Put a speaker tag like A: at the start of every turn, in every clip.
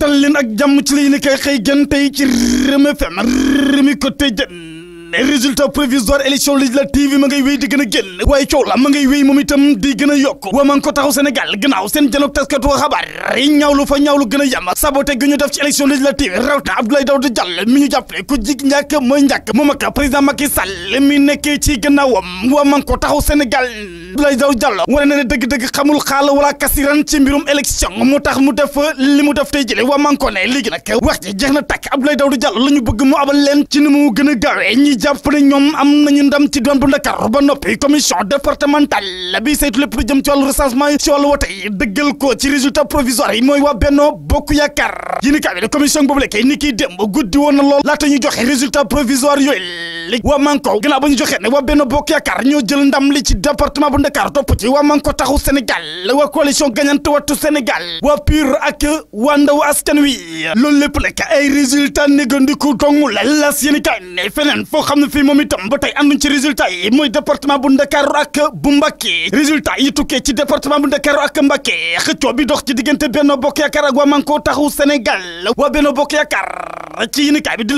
A: tal leen ak jàmm ci la ñu ne kay xëy gën tey ci Rewmi FM Rewmi Quotidien génn résultat provisoire élection législative yi ma ngay wéy di gën a génn waaye coow la ma ngay wéy moom itam di gën a yokk waa maa ngi ko taxaw Sénégal gannaaw seen janook taskatu xabaar yi ñaawlu fa ñaawlu gën a yam saboté gi ñu def ci élection législative rawta Abdoulaye Daouda Diallo mi ñu jàppale ku jig njàkk mooy njàkk moom ak président Macky Sall mi nekkee ci gannaawam waa maa ngi ko taxaw Sénégal Abdoulaye Daouda Diallo wane na ne dëgg-dëgg xamul xaal wala kasiran ci mbirum élection mu tax mu def li mu def tey jële waa maa ngi ko ne léegi nag wax ji jeex na takk Abdoulaye Daouda Diallo la ñu bëgg mu abal leen ci ni mu gën a gaawee japp ne ñoom am nañu ndam ci doon bu Ndakaaru ba noppi commission départementale bi saytu lépp lu jëm ci wàllu recensement yi ci wàllu wote yi ko ci résultat provisoire yi mooy waa Benno Bokk Yaakaar yi ni kaay bi commission boobu lekkee ni kiy démb guddi woon na lool laata ñu joxe résultat provisoire yooyu li waa manko gannaaw ba ñu joxee ne waa benn bokk yaakaar ñoo jël ndam li ci département bu Ndakaaru topp ci waa manko taxu Sénégal waa coalition gagnante wattu Sénégal waa PUR ak las yéen kay ne feneen foo xam ne fii moom itam ba tey anduñ ci résultat yi mooy département bu Ndakaaru ak bu Mbàkke résultat yi tukkee ci département bu Ndakaaru ak Mbàkke xëccoo bi dox ci diggante Benno Bokk Yaakaar ak waa manko taxu Sénégal waa Benno Bokk Yaakaar ci yéen kay bi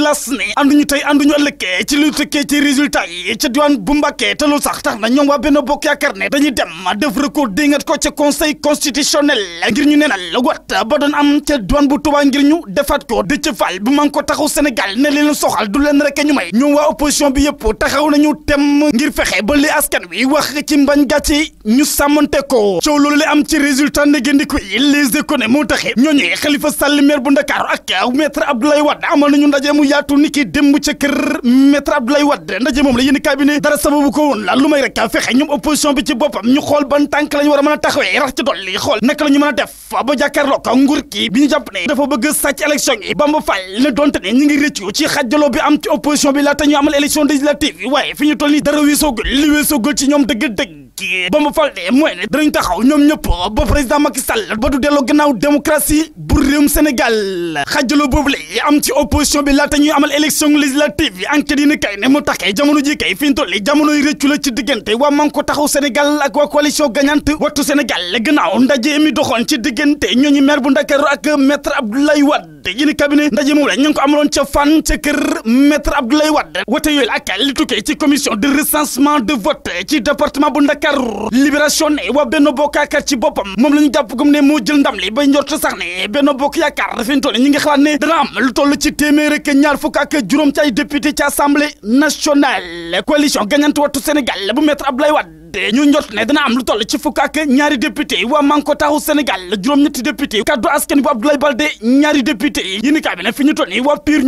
A: kee ci résultat yi ca diwaan bu Mbàkke ta loolu sax tax na ñoom waa benn bokk yaakaar ne dañuy dem def recours dingat ko ca conseil constitutionnel ngir ñu neenal wat ba doon am ca diwaan bu Tuubaa ngir ñu defaat ko Déthié Fall bu man ko taxaw Sénégal ne leen soxal du leen rek ñu may ñoom waa opposition bi yëpp taxaw nañu tem ngir fexe ba li askan wi wax ci mbañ gàcce ñu sàmmante ko coow loolu li am ci résultat ndegandiku yi les économies moo taxee ñooñu Xalifa Sall maire bu Ndakaaru ak maître Abdoulaye Wade amal nañu ndaje mu yaatu niki démb ca kër maître Abdoulaye Wade ndaje moom la yéen kaay dara sababu ko woon may rek a fexe ñoom opposition bi ci boppam ñu xool ban tànk ñu war a mën a taxawee rax ci dolli xool naka la ñu mën a ba jàkkaarloo ko nguur ki bi ñu jàpp ne dafa bëgg sàcc élection yi Bamba Fall ne donte ñu ngi rëccu ci xajjaloo bi am ci opposition bi laata ñu amal élection législative yi waaye fi ñu toll dara weesoogul li ci ñoom dëgg-dëgg gi ba mu fal de mooy ne danañ taxaw ñoom ñëpp ba président Macky Sall ba du delloo gannaaw démocratie bu réewum Sénégal xajalo boobu le am ci opposition bi laata ñuy amal élection législative yi enquête yi ni kay ne mu taxee jamono ji kay fi ñu toll yi rëccu la ci diggante waa Manko taxaw Sénégal ak waa coalition gagnante wattu Sénégal la gannaaw ndaje mi doxoon ci diggante ñooñu maire bu Ndakaaru ak maître Abdoulaye Wade Wade yi ni cabinet ndaje moom la ñu ngi ko amaloon ca fan ca kër maître Abdoulaye Wade wote yooyu ak li tukkee ci commission de recensement de vote ci département bu Ndakar libération ne waa Benno Bokk Yaakaar ci boppam moom la ñu jàpp gum ne moo jël ndam li bay njort sax ne Benno Bokk Yaakaar fi ñu toll ñi ngi xalaat ne dana am lu toll ci téeméer ak ñaar fukk ak juróom ci ay député ci assemblée nationale coalition gagnante wattu Sénégal bu maître Abdoulaye Wade de ñu njot ne dana am lu toll ci fukk ak ñaari député yi waa Manko Taxawu Sénégal juróom-ñetti député yi kaddu askan bu Abdoulaye Baldé ñaari député yi yéen kaay bi ne fi ñu toll nii waa PUR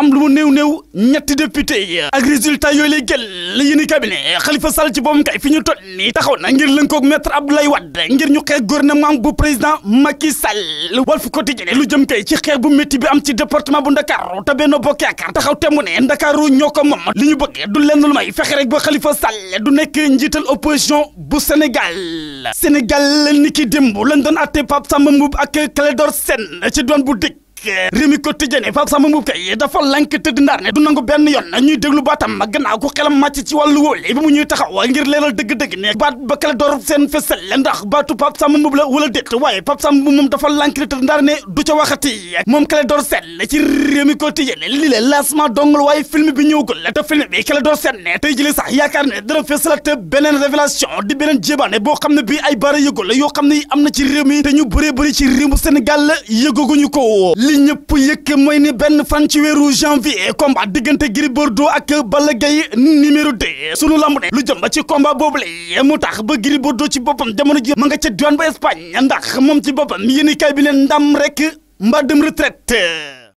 A: am lu mu néew néew ñetti député yooyu lay gël yéen kaay bi ne Khalifa Sall ci ñu toll nii taxaw na ngir lënkoog maître Abdoulaye Wade ngir ñu xeex gouvernement bu président Macky Sall Walf Quotidien lu jëm kay ci xeex bu métti bi am ci département bu Ndakaaru te Benno Bokk Yaakaar taxaw te mu ne Ndakaaru ñoo ko moom li ñu bëgg du lenn lu may fexe du nekk njiital opposition bu Sénégal Sénégal la ni ki démb lañ doon àtte Pape Samba Mboup ak Clédor seen ci doon bu dëkk Rewmi Quotidien Pape Samba Mboup kay dafa lank tëdd ndaar ne du nangu benn yoon ñuy déglu baatam ma gannaaw ku xelam màcc ci wàllu wóol bi mu ñuy taxaw ngir leeral dëgg-dëgg ne baat ba kale door seen fësal ndax baatu Pape Samba Mboup la wala déet waaye Pape Samba Mboup moom dafa lank ne du ca waxati moom kale door seen ci Rewmi Quotidien lii la lancement dongal waaye film bi ñëwagul te film bi kale door seen ne tey jëlee sax yaakaar ne dana fësalate beneen révélation di ne bii ay baara yëgul yoo xam ne am na ci réew mi ñu ko li ñëpp yëkk mooy ni benn fan ci weeru janvier combat diggante Gris Bordeaux ak Balla Gaye numéro 2 sunu lamb ne lu jëm ci combat boobu la mu tax ba Gris Bordeaux ci boppam jamono ji ma nga ca diwaan ba Espagne ndax moom ci boppam yéen kay bi ne ndam rek mbaa dem retraite